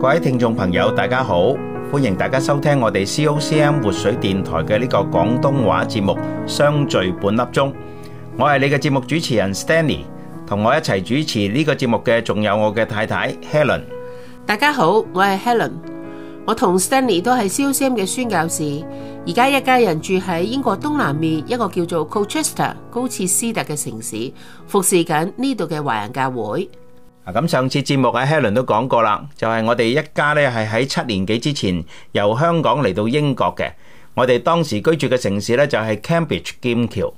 各位聽眾朋友，大家好，歡迎大家收聽我哋 COCM 活水電台嘅呢個廣東話節目《相聚半粒鐘》。我係你嘅節目主持人 Stanley，同我一齊主持呢個節目嘅仲有我嘅太太 Helen。大家好，我係 Helen，我同 Stanley 都係 COCM 嘅宣教士，而家一家人住喺英國東南面一個叫做 Colchester 高切斯特嘅城市，服侍緊呢度嘅華人教會。啊！咁上次節目喺 Helen 都講過啦，就係我哋一家咧，係喺七年幾之前由香港嚟到英國嘅。我哋當時居住嘅城市咧就係 Cambridge 劍橋，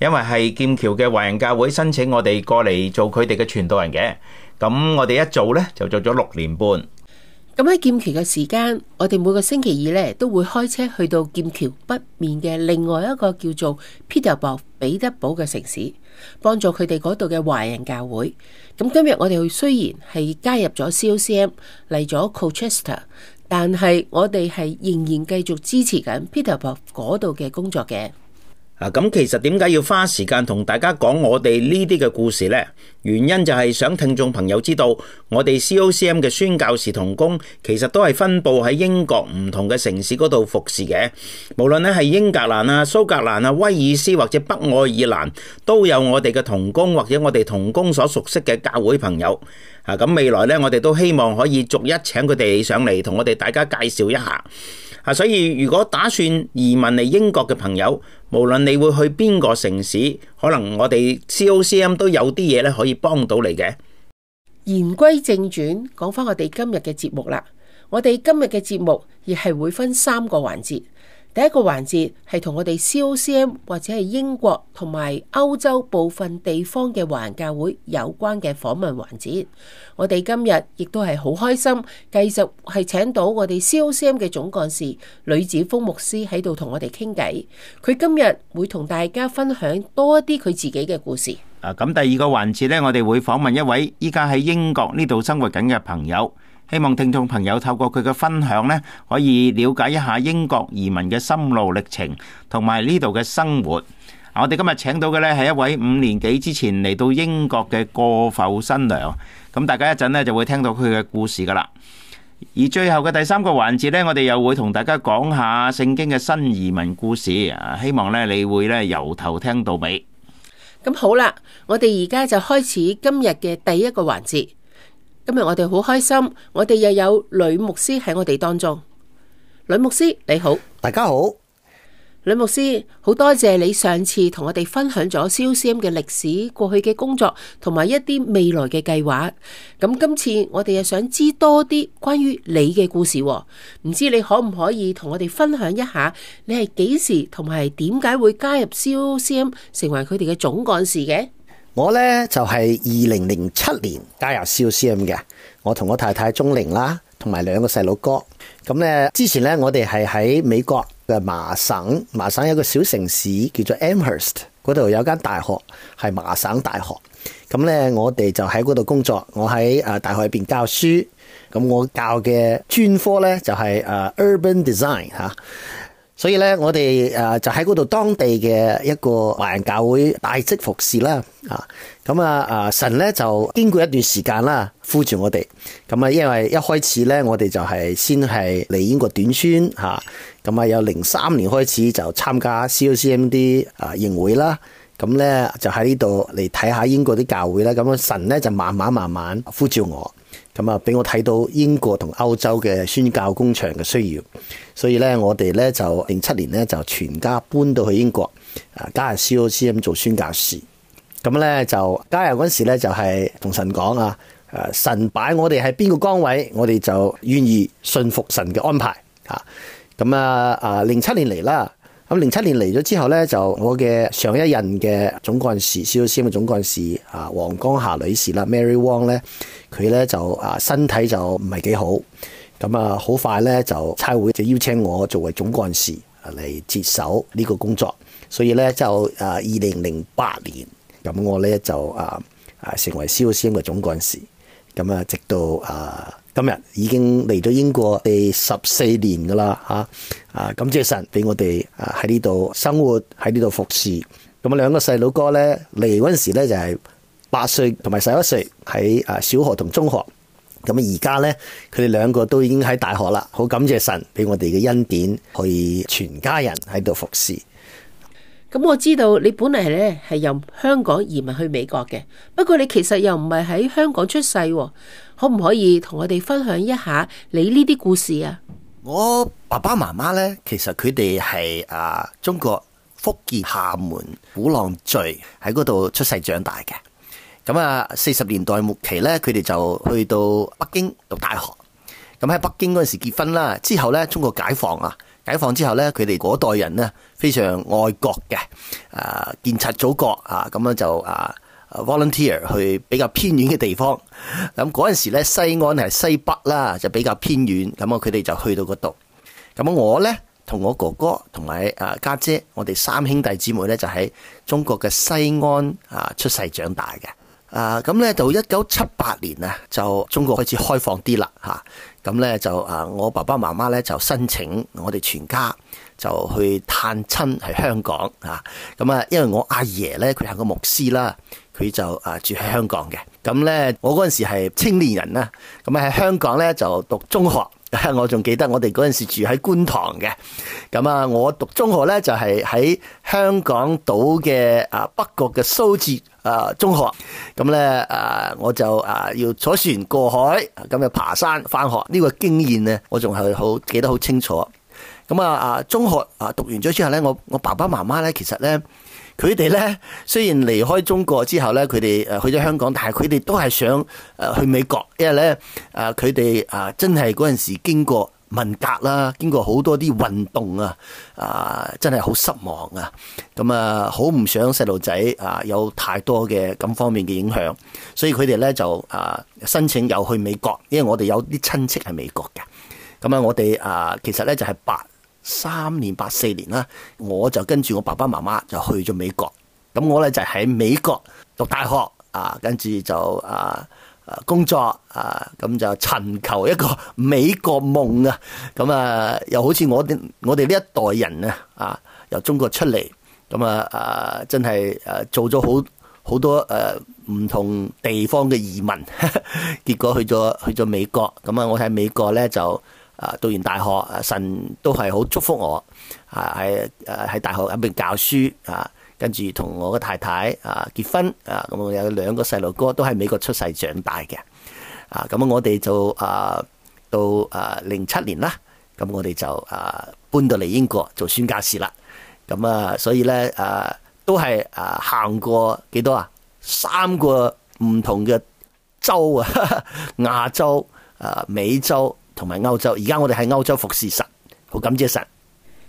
因為係劍橋嘅華人教會申請我哋過嚟做佢哋嘅傳道人嘅。咁我哋一做咧就做咗六年半。咁喺劍橋嘅時間，我哋每個星期二咧都會開車去到劍橋北面嘅另外一個叫做 Peterborough 彼得堡嘅城市。幫助佢哋嗰度嘅華人教會，咁今日我哋雖然係加入咗 COCM 嚟咗 Colchester，但係我哋係仍然繼續支持緊 Peterborough 嗰度嘅工作嘅。啊，咁其實點解要花時間同大家講我哋呢啲嘅故事呢？原因就係想聽眾朋友知道，我哋 COCM 嘅宣教士同工其實都係分布喺英國唔同嘅城市嗰度服侍嘅。無論咧係英格蘭啊、蘇格蘭啊、威爾斯或者北愛爾蘭，都有我哋嘅同工或者我哋同工所熟悉嘅教會朋友。啊，咁未來呢，我哋都希望可以逐一請佢哋上嚟，同我哋大家介紹一下。啊，所以如果打算移民嚟英國嘅朋友，無論你會去邊個城市，可能我哋 COCM 都有啲嘢，咧可以幫到你嘅。言歸正傳，講翻我哋今日嘅節目啦。我哋今日嘅節目亦係會分三個環節。第一個環節係同我哋 COCM 或者係英國同埋歐洲部分地方嘅華人教會有關嘅訪問環節。我哋今日亦都係好開心，繼續係請到我哋 COCM 嘅總幹事呂子峰牧師喺度同我哋傾偈。佢今日會同大家分享多一啲佢自己嘅故事。啊，咁第二個環節呢，我哋會訪問一位依家喺英國呢度生活緊嘅朋友。希望聽眾朋友透過佢嘅分享呢，可以了解一下英國移民嘅心路歷程，同埋呢度嘅生活。啊，我哋今日請到嘅呢係一位五年幾之前嚟到英國嘅過埠新娘，咁大家一陣呢就會聽到佢嘅故事噶啦。而最後嘅第三個環節呢，我哋又會同大家講下聖經嘅新移民故事啊，希望呢你會呢由頭聽到尾。咁好啦，我哋而家就開始今日嘅第一個環節。今日我哋好開心，我哋又有呂牧師喺我哋當中。呂牧師你好，大家好。呂牧師好多謝你上次同我哋分享咗 COCM 嘅歷史、過去嘅工作同埋一啲未來嘅計劃。咁今次我哋又想知多啲關於你嘅故事，唔知你可唔可以同我哋分享一下？你係幾時同埋點解會加入 COCM 成為佢哋嘅總幹事嘅？我咧就係二零零七年加入 COCM 嘅，我同我太太中齡啦，同埋兩個細佬哥。咁咧之前咧我哋係喺美國嘅麻省，麻省有一個小城市叫做 Amherst，嗰度有間大學係麻省大學。咁咧我哋就喺嗰度工作，我喺誒大學入邊教書。咁我教嘅專科咧就係誒 Urban Design 吓。所以咧，我哋誒就喺嗰度當地嘅一個華人教會帶職服侍啦，啊咁啊誒神咧就經過一段時間啦，呼召我哋。咁啊，因為一開始咧，我哋就係先係嚟英國短宣嚇，咁啊有零三年開始就參加 COCM 誒營會啦。咁咧就喺呢度嚟睇下英國啲教會啦。咁啊神咧就慢慢慢慢呼召我。咁啊，俾我睇到英國同歐洲嘅宣教工場嘅需要，所以咧我哋咧就零七年咧就全家搬到去英國，啊加入 COCM 咁做宣教士。咁咧就加入嗰時咧就係同神講啊，神擺我哋喺邊個崗位，我哋就願意順服神嘅安排啊。咁啊啊零七年嚟啦。咁零七年嚟咗之後咧，就我嘅上一任嘅總幹事，COCM 嘅總幹事啊，黃江霞女士啦，Mary Wang 咧，佢咧就啊身體就唔係幾好，咁啊好快咧就差會就邀請我作為總幹事嚟接手呢個工作，所以咧就啊二零零八年，咁我咧就啊啊成為 COCM 嘅總幹事。咁啊，直到啊今日已經嚟咗英國第十四年噶啦吓啊！感謝神俾我哋啊喺呢度生活喺呢度服侍。咁啊，兩個細佬哥咧嚟嗰陣時咧就係八歲同埋十一歲喺啊小學同中學。咁啊，而家咧佢哋兩個都已經喺大學啦。好感謝神俾我哋嘅恩典，可以全家人喺度服侍。咁、嗯、我知道你本嚟咧係由香港移民去美國嘅，不過你其實又唔係喺香港出世，啊，可唔可以同我哋分享一下你呢啲故事啊？我爸爸媽媽咧，其實佢哋係啊中國福建廈門鼓浪嶼喺嗰度出世長大嘅。咁啊，四十年代末期咧，佢哋就去到北京讀大學。咁喺北京嗰陣時結婚啦，之後咧，中國解放啊。解放之後咧，佢哋嗰代人咧，非常愛國嘅，啊，建設祖國啊，咁咧就啊 volunteer 去、啊、比較偏遠嘅地方。咁嗰陣時咧，西安係西北啦，就比較偏遠。咁啊，佢哋就去到嗰度。咁我咧同我哥哥同埋啊家姐，我哋三兄弟姊妹咧就喺中國嘅西安啊出世長大嘅。啊，咁咧到一九七八年啊，就中國開始開放啲啦嚇。啊，咁咧就啊，我爸爸媽媽咧就申請我哋全家就去探親喺香港啊。咁啊，因為我阿爺咧佢係個牧師啦，佢就啊住喺香港嘅。咁咧，我陣時係青年人啦，咁啊喺香港咧就讀中學。我仲記得我哋嗰陣時住喺觀塘嘅，咁啊，我讀中學咧就係喺香港島嘅啊北角嘅蘇浙啊中學，咁咧啊我就啊要坐船過海，咁就爬山翻學，呢個經驗咧我仲係好記得好清楚。咁啊啊中學啊讀完咗之後咧，我我爸爸媽媽咧其實咧。佢哋咧，雖然離開中國之後咧，佢哋誒去咗香港，但係佢哋都係想誒去美國，因為咧誒佢哋啊真係嗰陣時經過文革啦，經過好多啲運動啊，啊真係好失望啊！咁、嗯、啊，好唔想細路仔啊有太多嘅咁方面嘅影響，所以佢哋咧就啊申請有去美國，因為我哋有啲親戚係美國嘅，咁、嗯、啊我哋啊其實咧就係白。三年八四年啦，我就跟住我爸爸媽媽就去咗美國，咁我咧就喺美國讀大學啊，跟住就啊啊工作啊，咁就尋求一個美國夢啊，咁啊又好似我哋我哋呢一代人啊，啊由中國出嚟，咁啊啊真係啊做咗好好多誒唔同地方嘅移民， 結果去咗去咗美國，咁啊我喺美國咧就。啊！讀完大學，神都係好祝福我。啊，喺喺、啊、大學入面教書啊，跟住同我嘅太太啊結婚啊，咁我有兩個細路哥都喺美國出世長大嘅。啊，咁我哋就啊，到啊零七年啦，咁我哋就啊搬到嚟英國做宣教士啦。咁啊，所以咧啊，都係啊行過幾多啊？三個唔同嘅洲啊，亞洲啊，美洲。同埋歐洲，而家我哋喺歐洲服侍神，好感謝神。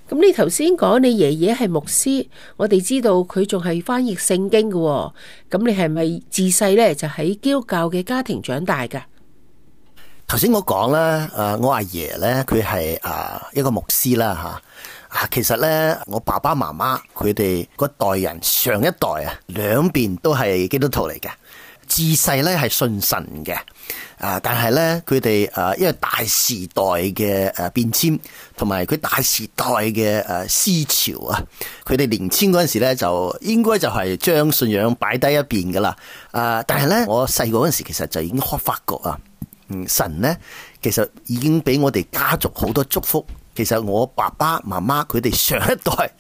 咁你頭先講你爺爺係牧師，我哋知道佢仲係翻譯聖經嘅。咁你係咪自細呢就喺基督教嘅家庭長大噶？頭先我講啦，誒，我阿爺呢，佢係誒一個牧師啦，吓啊，其實呢我爸爸媽媽佢哋嗰代人上一代啊，兩邊都係基督徒嚟嘅。自細咧係信神嘅，啊！但係咧佢哋誒，因為大時代嘅誒變遷，同埋佢大時代嘅誒思潮啊，佢哋年輕嗰陣時咧，就應該就係將信仰擺低一邊噶啦。啊！但係咧，我細個嗰陣時其實就已經開發覺啊，嗯，神咧其實已經俾我哋家族好多祝福。其實我爸爸媽媽佢哋上一代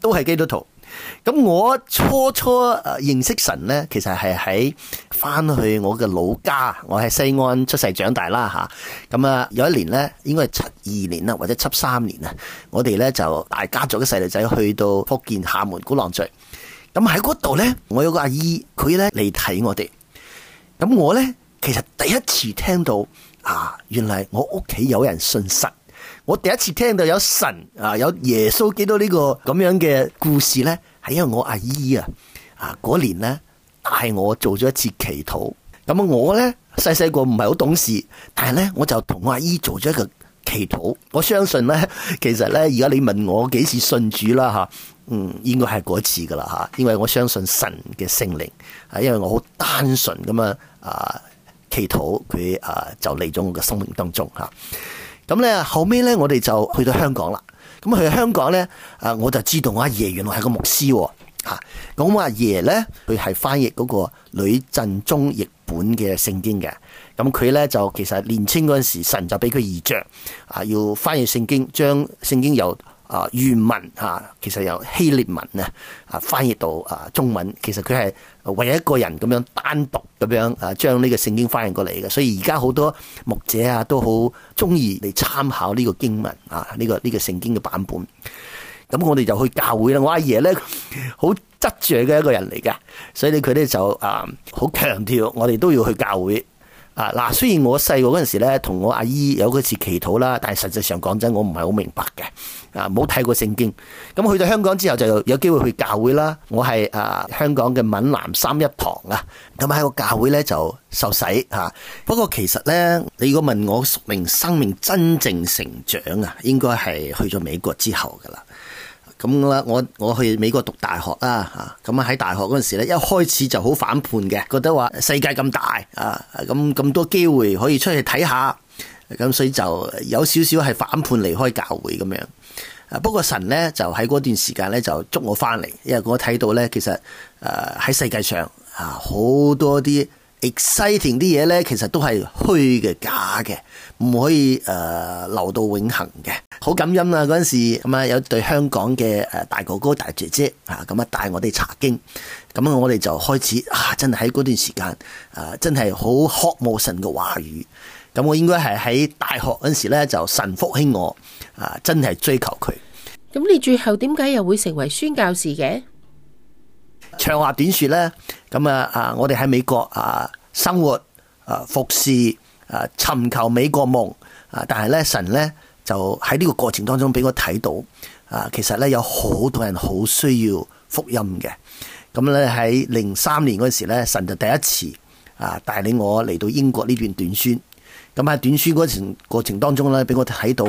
都係基督徒。咁我初初誒認識神呢，其實係喺翻去我嘅老家，我喺西安出世長大啦吓。咁啊有一年呢，應該係七二年啊，或者七三年啊，我哋呢，就大家族嘅細路仔去到福建廈門鼓浪嶼。咁喺嗰度呢，我有個阿姨，佢呢嚟睇我哋。咁我呢，其實第一次聽到啊，原來我屋企有人信神。我第一次聽到有神啊，有耶穌基督呢、這個咁樣嘅故事呢。係因為我阿姨啊，啊嗰年咧帶我做咗一次祈禱，咁啊我咧細細個唔係好懂事，但係咧我就同我阿姨做咗一個祈禱。我相信咧，其實咧而家你問我幾時信主啦吓，嗯，應該係嗰次噶啦吓，因為我相信神嘅聖靈，係因為我好單純咁啊啊祈禱佢啊就嚟咗我嘅生命當中吓。咁、嗯、咧後尾咧我哋就去到香港啦。咁佢香港咧，啊我就知道我阿爺原來係個牧師，吓，咁阿爺咧佢係翻譯嗰個呂振中譯本嘅聖經嘅，咁佢咧就其實年青嗰陣時，神就俾佢移着，啊，要翻譯聖經，將聖經由。啊，原文嚇、啊，其實由希臘文啊，啊翻譯到啊中文，其實佢係為一個人咁樣單獨咁樣啊，將呢個聖經翻譯過嚟嘅，所以而家好多牧者啊，都好中意嚟參考呢個經文啊，呢、呢個呢、呢個聖經嘅版本。咁我哋就去教會啦。我阿爺咧好執著嘅一個人嚟㗎，所以佢咧就啊好強調，我哋都要去教會。嗱，雖然我細個嗰陣時咧，同我阿姨有嗰次祈禱啦，但係實際上講真，我唔係好明白嘅。啊，冇睇過聖經。咁去到香港之後，就有機會去教會啦。我係啊香港嘅閩南三一堂啊。咁喺個教會咧就受洗嚇。不過其實咧，你如果問我屬靈生命真正成長啊，應該係去咗美國之後噶啦。咁啦，我我去美國讀大學啦，嚇咁啊喺大學嗰陣時咧，一開始就好反叛嘅，覺得話世界咁大啊，咁咁多機會可以出去睇下，咁所以就有少少係反叛離開教會咁樣。不過神咧就喺嗰段時間咧就捉我返嚟，因為我睇到咧其實誒喺世界上啊好多啲 Exciting 啲嘢咧，其實都係虛嘅、假嘅，唔可以誒留、呃、到永恆嘅。好感恩啊！嗰陣時咁啊，有對香港嘅誒大哥哥、大姐姐啊，咁啊帶我哋查經，咁、啊、我哋就開始啊，真係喺嗰段時間誒、啊，真係好渴望神嘅話語。咁我應該係喺大學嗰陣時咧，就神福興我啊，真係追求佢。咁你最後點解又會成為宣教士嘅？長話短說咧，咁啊啊，我哋喺美國啊生活啊服侍，啊尋求美國夢啊，但係咧神咧就喺呢個過程當中俾我睇到啊，其實咧有好多人好需要福音嘅。咁咧喺零三年嗰時咧，神就第一次啊帶領我嚟到英國呢段短宣。咁喺短宣嗰陣過程當中咧，俾我睇到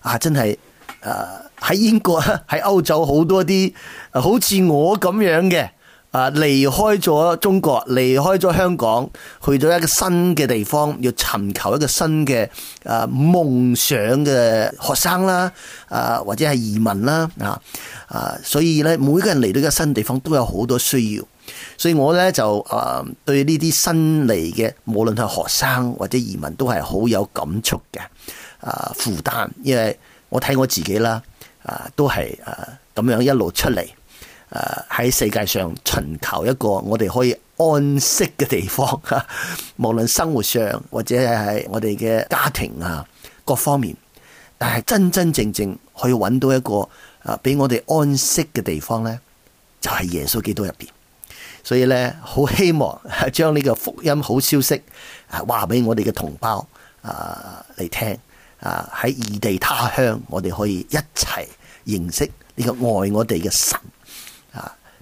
啊，真係啊喺英國喺歐洲多好多啲好似我咁樣嘅。啊！離開咗中國，離開咗香港，去咗一個新嘅地方，要尋求一個新嘅啊、呃、夢想嘅學生啦，啊、呃、或者係移民啦，啊啊！所以咧，每個人嚟到一個新地方都有好多需要，所以我咧就啊、呃、對呢啲新嚟嘅，無論係學生或者移民，都係好有感觸嘅啊負擔，因為我睇我自己啦，啊都係啊咁樣一路出嚟。誒喺世界上尋求一個我哋可以安息嘅地方嚇， 無論生活上或者係我哋嘅家庭啊各方面，但係真真正正可以揾到一個誒俾我哋安息嘅地方呢，就係耶穌基督入邊。所以咧，好希望將呢個福音好消息啊話俾我哋嘅同胞啊嚟聽啊，喺異地他鄉，我哋可以一齊認識呢個愛我哋嘅神。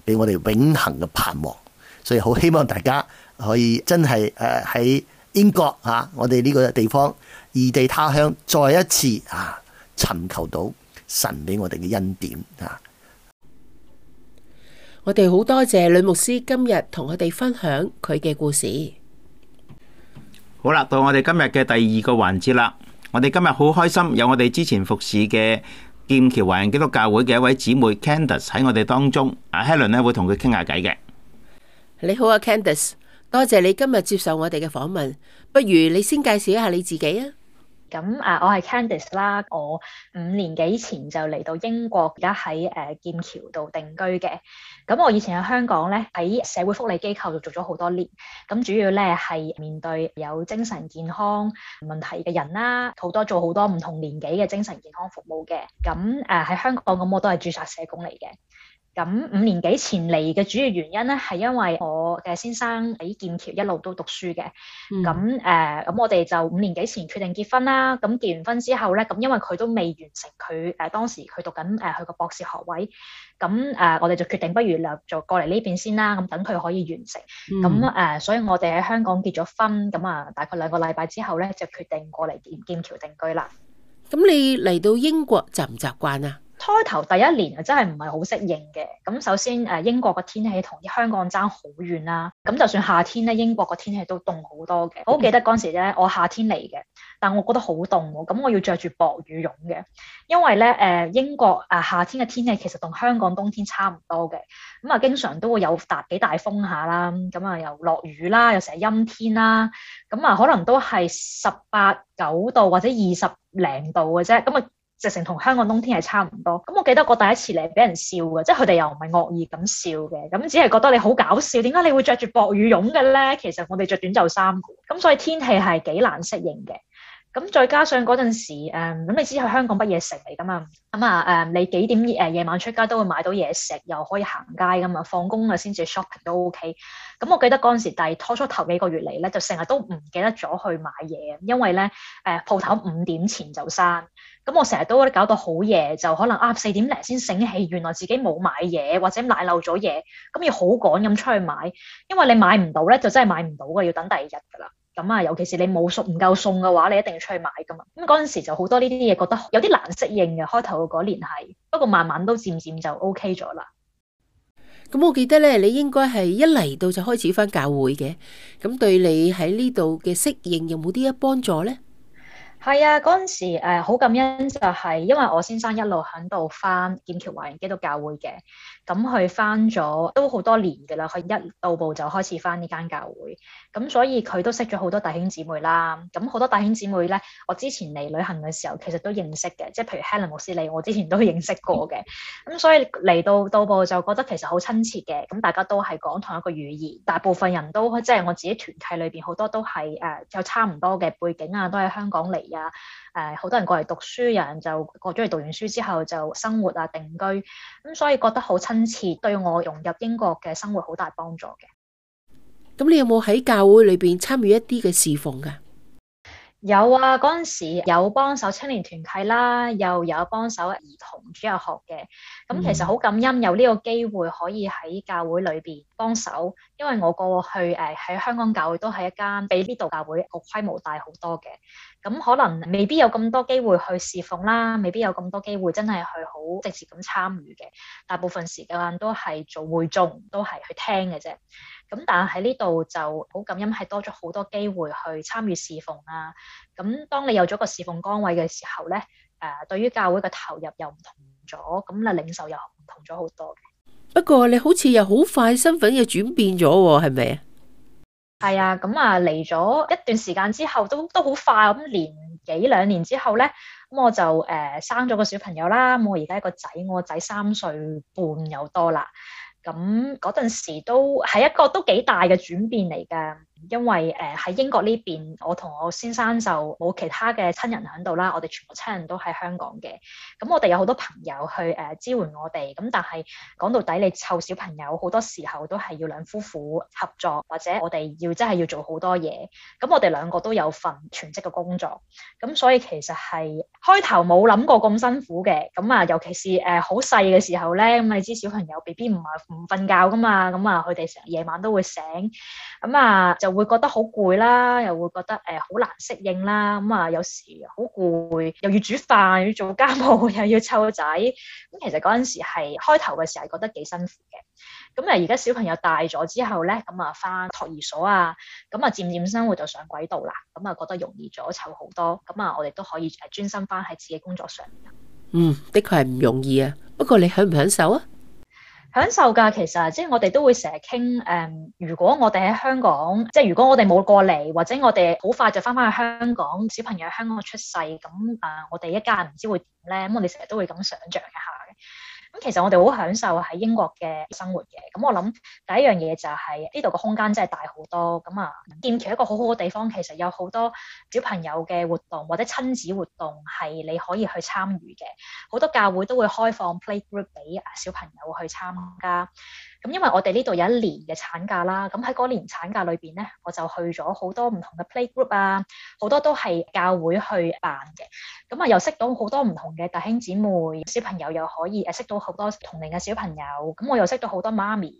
俾我哋永恆嘅盼望，所以好希望大家可以真係誒喺英國吓，我哋呢個地方異地他鄉，再一次吓尋求到神俾我哋嘅恩典吓。我哋好多謝呂牧師今日同我哋分享佢嘅故事。好啦，到我哋今日嘅第二個環節啦。我哋今日好開心，有我哋之前服侍嘅。劍橋華人基督教會嘅一位姊妹 Candis 喺我哋當中，阿 Helen 咧會同佢傾下偈嘅。你好啊，Candis，多謝你今日接受我哋嘅訪問。不如你先介紹一下你自己啊。咁啊，我係 Candis 啦。我五年幾前就嚟到英國，而家喺誒劍橋度定居嘅。咁我以前喺香港咧，喺社會福利機構度做咗好多年。咁主要咧係面對有精神健康問題嘅人啦，好多做好多唔同年紀嘅精神健康服務嘅。咁誒喺香港咁，我都係註冊社工嚟嘅。咁五年幾前嚟嘅主要原因咧，係因為我嘅先生喺劍橋一路都讀書嘅。咁誒、嗯，咁、呃、我哋就五年幾前決定結婚啦。咁結完婚之後咧，咁因為佢都未完成佢誒、呃、當時佢讀緊誒佢個博士學位。咁誒、呃，我哋就決定不如兩就過嚟呢邊先啦。咁等佢可以完成。咁誒、嗯呃，所以我哋喺香港結咗婚。咁啊，大概兩個禮拜之後咧，就決定過嚟劍劍橋定居啦。咁你嚟到英國習唔習慣啊？開頭第一年啊，真係唔係好適應嘅。咁首先誒，英國嘅天氣同啲香港爭好遠啦。咁就算夏天咧，英國嘅天氣都凍好多嘅。嗯、我記得嗰陣時咧，我夏天嚟嘅，但我覺得好凍喎。咁我要着住薄羽絨嘅，因為咧誒，英國誒夏天嘅天氣其實同香港冬天差唔多嘅。咁啊，經常都會有大幾大風下啦，咁啊又落雨啦，又成日陰天啦，咁啊可能都係十八九度或者二十零度嘅啫。咁啊～直成同香港冬天係差唔多，咁我記得個第一次嚟俾人笑嘅，即係佢哋又唔係惡意咁笑嘅，咁只係覺得你好搞笑，點解你會着住薄羽絨嘅咧？其實我哋着短袖衫嘅，咁所以天氣係幾難適應嘅。咁再加上嗰陣時，誒、嗯、咁你知係香港不夜城嚟㗎嘛？咁啊誒，你幾點誒夜、呃、晚出街都會買到嘢食，又可以行街㗎嘛？放工啊先至 shopping 都 OK。咁我記得嗰陣時第拖出頭幾個月嚟咧，就成日都唔記得咗去買嘢，因為咧誒鋪頭五點前就閂。咁我成日都搞到好夜，就可能啊四點零先醒起，原來自己冇買嘢或者買漏咗嘢，咁要好趕咁出去買，因為你買唔到咧，就真係買唔到嘅，要等第二日噶啦。咁啊，尤其是你冇送唔夠送嘅話，你一定要出去買噶嘛。咁嗰陣時就好多呢啲嘢，覺得有啲難適應嘅，開頭嗰年係，不過慢慢都漸漸就 OK 咗啦。咁我記得咧，你應該係一嚟到就開始返教會嘅，咁對你喺呢度嘅適應有冇啲嘅幫助咧？係啊，嗰陣時呃、好感恩就係因為我先生一路喺度返劍橋華人基督教會嘅，咁佢返咗都好多年嘅啦，佢一到步就開始返呢間教會，咁所以佢都識咗好多弟兄姊妹啦。咁好多弟兄姊妹咧，我之前嚟旅行嘅時候其實都認識嘅，即係譬如 Helen 牧師你，我之前都認識過嘅。咁 所以嚟到到步就覺得其實好親切嘅，咁大家都係講同一個語言，大部分人都即係我自己團契裏邊好多都係誒有差唔多嘅背景啊，都係香港嚟。啊！誒，好多人過嚟讀書，有人就過咗嚟讀完書之後就生活啊定居，咁所以覺得好親切，對我融入英國嘅生活好大幫助嘅。咁你有冇喺教會裏邊參與一啲嘅侍奉㗎？有啊，嗰陣時有幫手青年團契啦，又有幫手兒童主日學嘅，咁其實好感恩有呢個機會可以喺教會裏邊幫手，因為我過去誒喺、呃、香港教會都係一間比呢度教會個規模大好多嘅，咁可能未必有咁多機會去侍奉啦，未必有咁多機會真係去好直接咁參與嘅，大部分時間都係做會眾，都係去聽嘅啫。咁但係喺呢度就好感恩，係多咗好多機會去參與侍奉啦。咁當你有咗個侍奉崗位嘅時候咧，誒、呃、對於教會嘅投入又唔同咗，咁啊領受又唔同咗好多嘅。不過你好似又好快身份又轉變咗，係咪啊？係啊，咁啊嚟咗一段時間之後，都都好快咁，年幾兩年之後咧，咁、嗯、我就誒、呃、生咗個小朋友啦。我而家個仔，我個仔三歲半又多啦。咁嗰陣時都係一個都幾大嘅轉變嚟噶。因為誒喺、呃、英國呢邊，我同我先生就冇其他嘅親人喺度啦，我哋全部親人都喺香港嘅。咁我哋有好多朋友去誒、呃、支援我哋。咁但係講到底，你湊小朋友好多時候都係要兩夫婦合作，或者我哋要真係要做好多嘢。咁我哋兩個都有份全職嘅工作。咁所以其實係開頭冇諗過咁辛苦嘅。咁啊，尤其是誒好細嘅時候咧，咁你知小朋友 B B 唔係唔瞓覺㗎嘛，咁啊佢哋成日夜晚都會醒，咁啊就，又會覺得好攰啦，又會覺得誒好難適應啦，咁啊有時好攰，又要煮飯，要做家務，又要湊仔，咁其實嗰陣時係開頭嘅時候係覺得幾辛苦嘅。咁啊而家小朋友大咗之後咧，咁啊返托兒所啊，咁啊漸漸生活就上軌道啦，咁啊覺得容易咗湊好多，咁啊我哋都可以誒專心返喺自己工作上。嗯，的確係唔容易啊。不過你享唔享受啊？享受㗎，其實即係我哋都會成日傾誒，如果我哋喺香港，即係如果我哋冇過嚟，或者我哋好快就翻返去香港，小朋友喺香港出世，咁啊，我哋一家人唔知會點咧，咁我哋成日都會咁想像一下。咁其實我哋好享受喺英國嘅生活嘅，咁我諗第一樣嘢就係呢度個空間真係大好多，咁啊劍橋一個好好嘅地方，其實有好多小朋友嘅活動或者親子活動係你可以去參與嘅，好多教會都會開放 playgroup 俾小朋友去參加。咁因為我哋呢度有一年嘅產假啦，咁喺嗰年產假裏邊咧，我就去咗好多唔同嘅 playgroup 啊，好多都係教會去辦嘅，咁啊又識到好多唔同嘅弟兄姐妹，小朋友又可以誒、啊、識到好多同齡嘅小朋友，咁我又識到好多媽咪，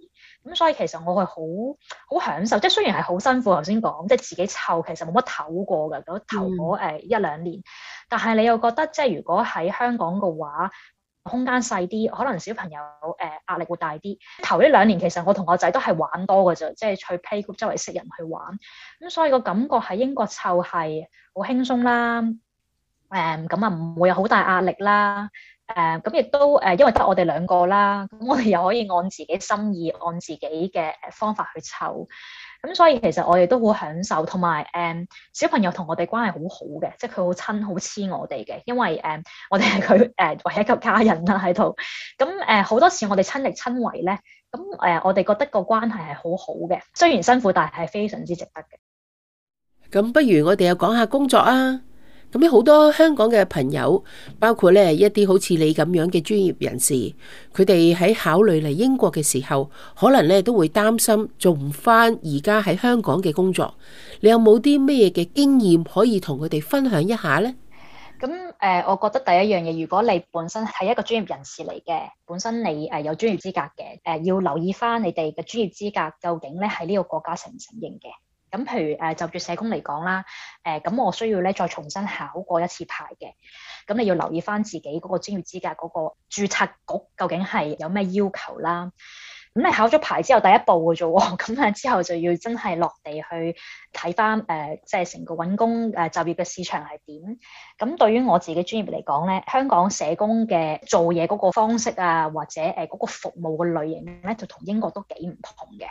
咁所以其實我係好好享受，即係雖然係好辛苦，頭先講即係自己湊，其實冇乜唞過㗎，嗰頭嗰一兩年，但係你又覺得即係如果喺香港嘅話，空間細啲，可能小朋友誒、呃、壓力會大啲。頭呢兩年其實我同我仔都係玩多嘅啫，即係去 playgroup 周圍識人去玩。咁所以個感覺喺英國湊係好輕鬆啦。誒咁啊，唔會有好大壓力啦。誒咁亦都誒、呃，因為得我哋兩個啦，咁我哋又可以按自己心意、按自己嘅誒方法去湊。咁、嗯、所以其實我哋都好享受，同埋誒小朋友同我哋關係好好嘅，即係佢好親好黐我哋嘅，因為誒、嗯、我哋係佢誒唯一嘅家人啦喺度。咁誒好多次我哋親力親為咧，咁、嗯、誒、嗯、我哋覺得個關係係好好嘅，雖然辛苦但係係非常之值得嘅。咁不如我哋又講下工作啊！咁好多香港嘅朋友，包括咧一啲好似你咁樣嘅專業人士，佢哋喺考慮嚟英國嘅時候，可能咧都會擔心做唔翻而家喺香港嘅工作。你有冇啲咩嘅經驗可以同佢哋分享一下呢？咁誒，我覺得第一樣嘢，如果你本身係一個專業人士嚟嘅，本身你誒有專業資格嘅，誒要留意翻你哋嘅專業資格究竟咧喺呢個國家承唔承認嘅？咁譬如誒就住社工嚟講啦，誒咁我需要咧再重新考過一次牌嘅。咁你要留意翻自己嗰個專業資格嗰個註冊局究竟係有咩要求啦。咁你考咗牌之後第一步嘅啫喎，咁之後就要真係落地去睇翻誒，即係成個揾工誒就業嘅市場係點。咁對於我自己專業嚟講咧，香港社工嘅做嘢嗰個方式啊，或者誒嗰個服務嘅類型咧，就同英國都幾唔同嘅。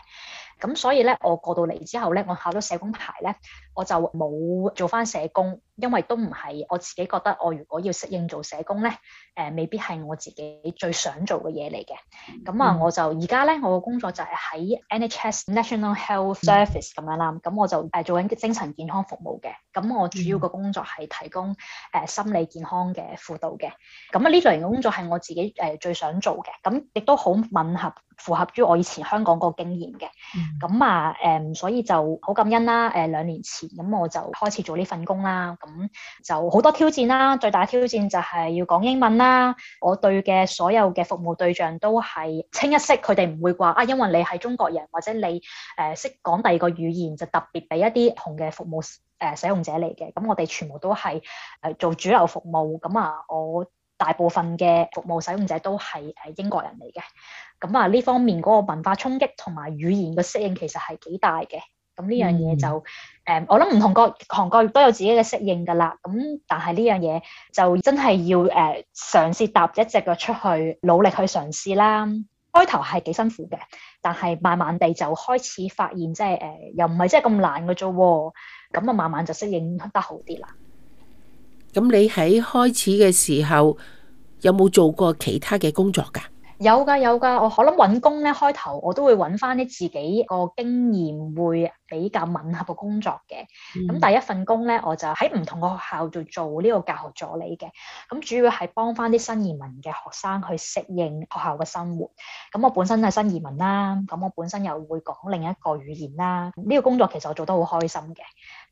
咁所以咧，我過到嚟之後咧，我考咗社工牌咧，我就冇做翻社工，因為都唔係我自己覺得我如果要適應做社工咧，誒、呃、未必係我自己最想做嘅嘢嚟嘅。咁啊，我就而家咧，我嘅工作就係喺 NHS National Health Service 咁樣啦。咁我就誒做緊精神健康服務嘅。咁我主要嘅工作係提供誒、呃、心理健康嘅輔導嘅。咁啊，呢類型嘅工作係我自己誒、呃、最想做嘅。咁亦都好吻合。符合於我以前香港個經驗嘅，咁、mm hmm. 啊誒、嗯，所以就好感恩啦。誒兩年前咁我就開始做呢份工啦，咁就好多挑戰啦。最大挑戰就係要講英文啦。我對嘅所有嘅服務對象都係清一色，佢哋唔會話啊，因為你係中國人或者你誒識講第二個語言，就特別俾一啲同嘅服務誒使用者嚟嘅。咁我哋全部都係誒做主流服務，咁啊，我大部分嘅服務使用者都係誒英國人嚟嘅。咁啊，呢方面嗰個文化衝擊同埋語言嘅適應其實係幾大嘅。咁呢樣嘢就，誒、嗯，我諗唔同國韓國亦都有自己嘅適應噶啦。咁但係呢樣嘢就真係要誒嘗試踏一隻腳出去，努力去嘗試啦。開頭係幾辛苦嘅，但係慢慢地就開始發現、即係，即係誒又唔係真係咁難嘅啫。咁啊，慢慢就適應得好啲啦。咁你喺開始嘅時候有冇做過其他嘅工作㗎？有噶有噶，我我諗搵工咧，開頭我都會搵翻啲自己個經驗會比較吻合嘅工作嘅。咁、嗯、第一份工咧，我就喺唔同個學校度做呢個教學助理嘅。咁主要係幫翻啲新移民嘅學生去適應學校嘅生活。咁我本身係新移民啦，咁我本身又會講另一個語言啦。呢、這個工作其實我做得好開心嘅。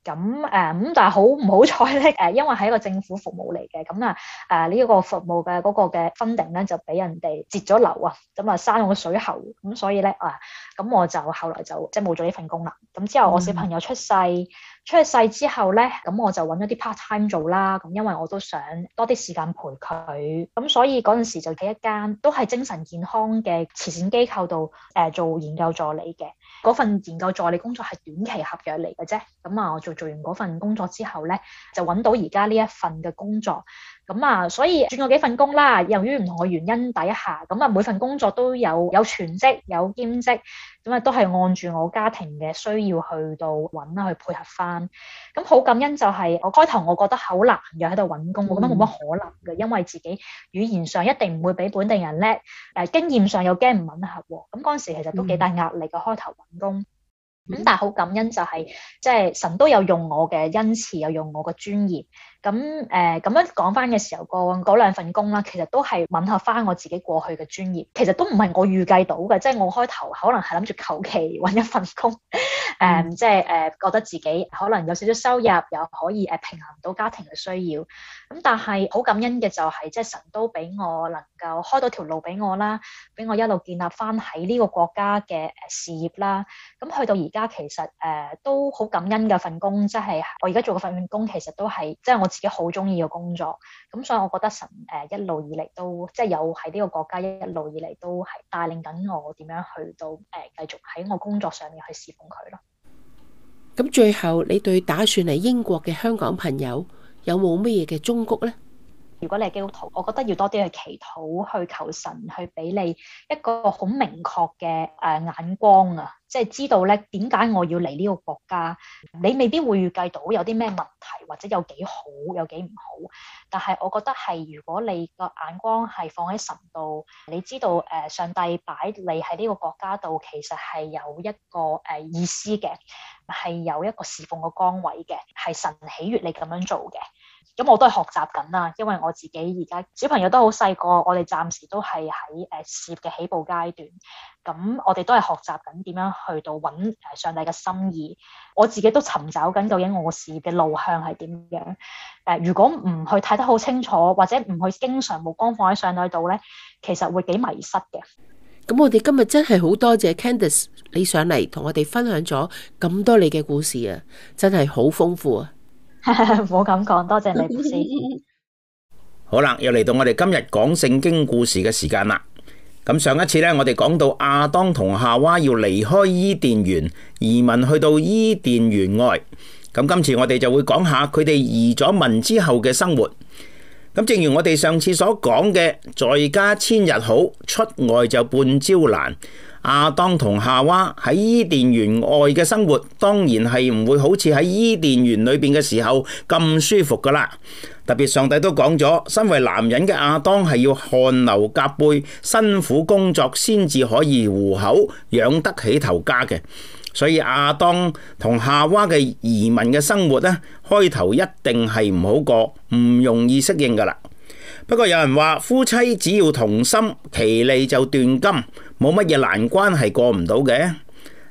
咁誒咁，但係好唔好彩咧？誒，因為係一個政府服務嚟嘅，咁啊誒呢一個服務嘅嗰個嘅分定咧，就俾人哋截咗流啊，咁啊閂咗個水喉，咁所以咧啊，咁我就後來就即係冇咗呢份工啦。咁之後我小朋友出世，嗯、出世之後咧，咁我就揾咗啲 part time 做啦。咁因為我都想多啲時間陪佢，咁所以嗰陣時就喺一間都係精神健康嘅慈善機構度誒、呃、做研究助理嘅。嗰份研究助理工作係短期合約嚟嘅啫，咁啊，我做做完嗰份工作之後咧，就揾到而家呢一份嘅工作。咁啊、嗯，所以轉過幾份工啦。由於唔同嘅原因底下，咁啊每份工作都有有全職有兼職，咁啊都係按住我家庭嘅需要去到揾啦，去配合翻。咁好感恩就係、是、我開頭我覺得好難嘅喺度揾工，我覺得冇乜可能嘅，因為自己語言上一定唔會畀本地人叻，誒經驗上又驚唔吻合。咁嗰陣時其實都幾大壓力嘅、嗯、開頭揾工。咁、嗯、但係好感恩就係即係神都有用我嘅恩賜，有用我嘅專業。咁誒咁樣講翻嘅時候，個嗰兩份工啦，其實都係吻合翻我自己過去嘅專業，其實都唔係我預計到嘅，即係我開頭可能係諗住求其揾一份工，誒即係誒覺得自己可能有少少收入，又可以誒平衡到家庭嘅需要。咁但係好感恩嘅就係即係神都俾我能夠開到條路俾我啦，俾我一路建立翻喺呢個國家嘅誒事業啦。咁去到而家其實誒、呃、都好感恩嘅份工，即係我而家做嘅份工，其實都係即係我自己好中意嘅工作，咁所以我覺得神誒一路以嚟都即係、就是、有喺呢個國家一路以嚟都係帶領緊我點樣去到誒繼續喺我工作上面去侍奉佢咯。咁最後，你對打算嚟英國嘅香港朋友有冇乜嘢嘅忠告呢？如果你係基督徒，我覺得要多啲去祈禱，去求神，去俾你一個好明確嘅誒眼光啊！即係知道咧點解我要嚟呢個國家。你未必會預計到有啲咩問題，或者有幾好，有幾唔好。但係我覺得係，如果你個眼光係放喺神度，你知道誒上帝擺你喺呢個國家度，其實係有一個誒意思嘅，係有一個侍奉嘅崗位嘅，係神喜悅你咁樣做嘅。咁我都係學習緊啦，因為我自己而家小朋友都好細個，我哋暫時都係喺誒事業嘅起步階段。咁我哋都係學習緊點樣去到搵上帝嘅心意。我自己都尋找緊究竟我事業嘅路向係點樣。誒，如果唔去睇得好清楚，或者唔去經常目光放喺上帝度咧，其實會幾迷失嘅。咁我哋今日真係好多謝 Candis 你上嚟同我哋分享咗咁多你嘅故事啊，真係好豐富啊！唔好咁講，多謝你。好啦，又嚟到我哋今日講聖經故事嘅時間啦。咁上一次呢，我哋講到亞當同夏娃要離開伊甸園移民去到伊甸園外。咁今次我哋就會講下佢哋移咗民之後嘅生活。咁正如我哋上次所講嘅，在家千日好，出外就半朝難。亞當同夏娃喺伊甸園外嘅生活，當然係唔會好似喺伊甸園裏邊嘅時候咁舒服噶啦。特別上帝都講咗，身為男人嘅亞當係要汗流浹背、辛苦工作，先至可以糊口養得起頭家嘅。所以亞當同夏娃嘅移民嘅生活呢，開頭一定係唔好過，唔容易適應噶啦。不過有人話，夫妻只要同心，其利就斷金。冇乜嘢難關係過唔到嘅，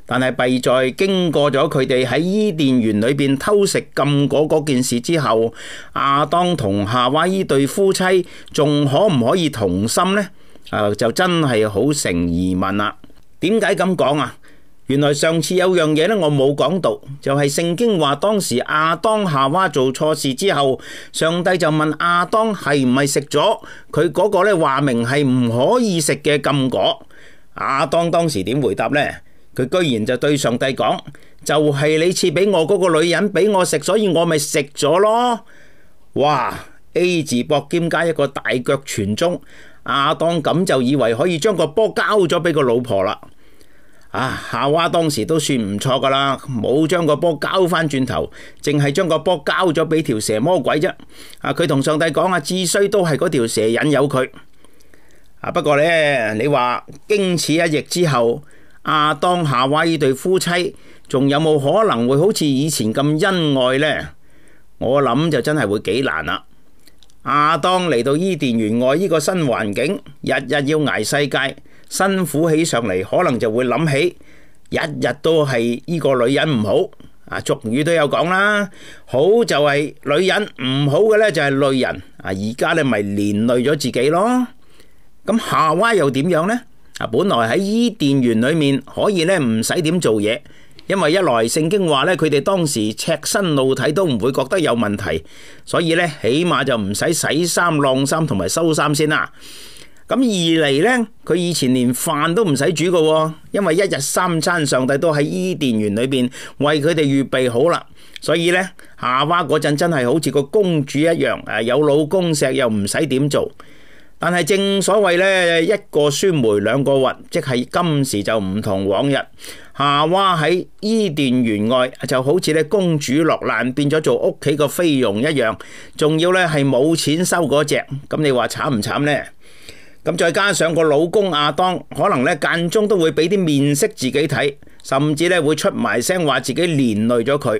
但係弊在經過咗佢哋喺伊甸園裏邊偷食禁果嗰件事之後，阿當同夏娃呢對夫妻仲可唔可以同心呢？誒、呃，就真係好成疑問啦。點解咁講啊？原來上次有樣嘢呢，我冇講到，就係、是、聖經話當時阿當夏娃做錯事之後，上帝就問阿當係唔係食咗佢嗰個呢話明係唔可以食嘅禁果。阿當當時點回答呢？佢居然就對上帝講：就係你賜俾我嗰個女人俾我食，所以我咪食咗咯！哇！A 字膊兼加一個大腳全中，阿當咁就以為可以將個波交咗俾個老婆啦。啊，夏娃當時都算唔錯噶啦，冇將個波交返轉頭，淨係將個波交咗俾條蛇魔鬼啫。啊，佢同上帝講啊，至衰都係嗰條蛇引誘佢。不過呢，你話經此一役之後，阿當夏娃呢對夫妻仲有冇可能會好似以前咁恩愛呢？我諗就真係會幾難啦。阿當嚟到伊甸園外呢個新環境，日日要捱世界，辛苦起上嚟，可能就會諗起日日都係呢個女人唔好。啊，俗語都有講啦，好就係女人唔好嘅，呢就係累人。啊，而家你咪連累咗自己咯。咁夏娃又點樣呢？啊，本來喺伊甸園裏面可以咧唔使點做嘢，因為一來聖經話咧佢哋當時赤身露體都唔會覺得有問題，所以咧起碼就唔使洗衫晾衫同埋收衫先啦。咁二嚟呢，佢以前連飯都唔使煮噶，因為一日三餐上帝都喺伊甸園裏邊為佢哋預備好啦。所以呢，夏娃嗰陣真係好似個公主一樣，誒，有老公錫，又唔使點做。但係正所謂呢，一個酸梅兩個核，即係今時就唔同往日。夏娃喺伊甸園外就好似呢，公主落難，變咗做屋企個菲傭一樣，仲要呢係冇錢收嗰隻，咁你話慘唔慘呢？咁再加上個老公亞當，可能呢間中都會俾啲面色自己睇，甚至呢會出埋聲話自己連累咗佢。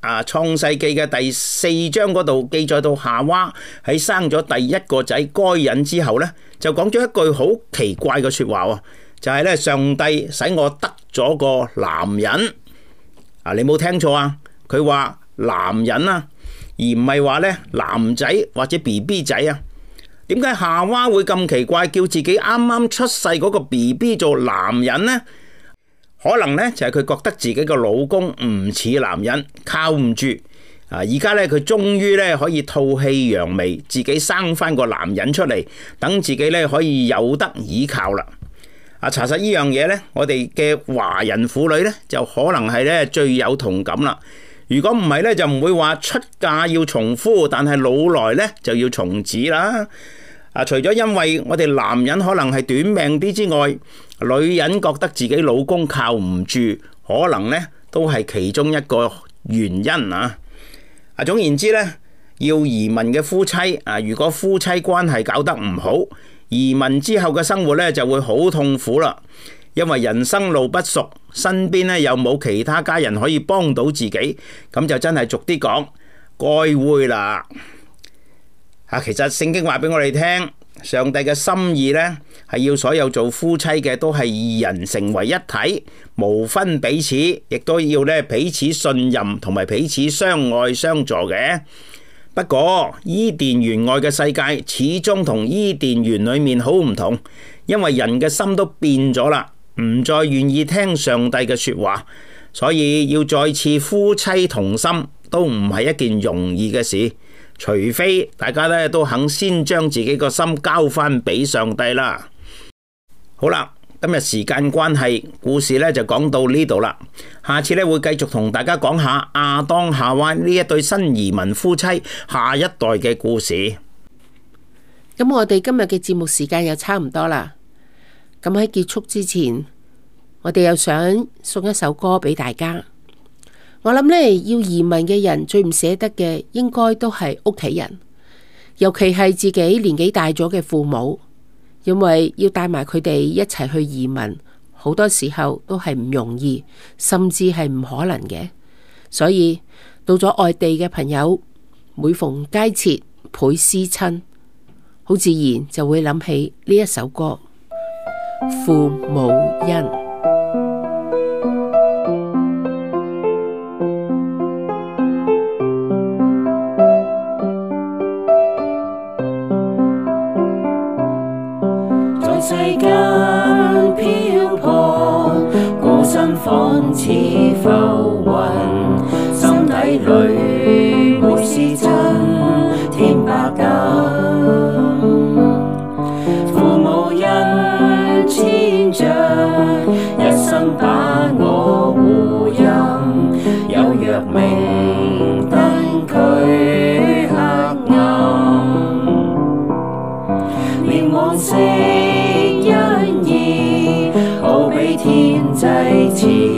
啊！創世記嘅第四章嗰度記載到夏娃喺生咗第一個仔該隱之後呢，就講咗一句好奇怪嘅說話、啊、就係、是、呢，上帝使我得咗個男人啊！你冇聽錯啊，佢話男人啊，而唔係話呢，男仔或者 BB 仔啊。點解夏娃會咁奇怪叫自己啱啱出世嗰個 BB 做男人呢？」可能呢，就係佢覺得自己個老公唔似男人靠唔住啊！而家呢，佢終於呢可以吐氣揚眉，自己生翻個男人出嚟，等自己呢可以有得倚靠啦！查實呢樣嘢呢，我哋嘅華人婦女呢，就可能係呢最有同感啦。如果唔係呢，就唔會話出嫁要從夫，但係老來呢就要從子啦。啊，除咗因為我哋男人可能係短命啲之外。女人覺得自己老公靠唔住，可能呢都係其中一個原因啊！啊，總言之呢，要移民嘅夫妻啊，如果夫妻關係搞得唔好，移民之後嘅生活呢就會好痛苦啦，因為人生路不熟，身邊呢又冇其他家人可以幫到自己，咁就真係逐啲講，該會啦！啊，其實聖經話俾我哋聽。上帝嘅心意呢，係要所有做夫妻嘅都係二人成為一體，無分彼此，亦都要咧彼此信任同埋彼此相愛相助嘅。不過伊甸園外嘅世界始終同伊甸園裏面好唔同，因為人嘅心都變咗啦，唔再願意聽上帝嘅說話，所以要再次夫妻同心都唔係一件容易嘅事。除非大家咧都肯先將自己個心交返俾上帝啦。好啦，今日時間關係，故事呢就講到呢度啦。下次呢會繼續同大家講下亞當夏娃呢一對新移民夫妻下一代嘅故事。咁我哋今日嘅節目時間又差唔多啦。咁喺結束之前，我哋又想送一首歌俾大家。我諗呢，要移民嘅人最唔捨得嘅，應該都係屋企人，尤其係自己年紀大咗嘅父母，因為要帶埋佢哋一齊去移民，好多時候都係唔容易，甚至係唔可能嘅。所以到咗外地嘅朋友，每逢佳節倍思親，好自然就會諗起呢一首歌《父母恩》。間飄泊，孤身仿似。愛情。